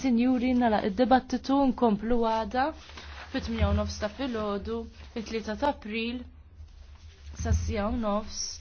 sinjuri nala id-debattitu nkomplu għada fit-8 nofs ta' filgħodu, il 3 ta' April, sa' nofs.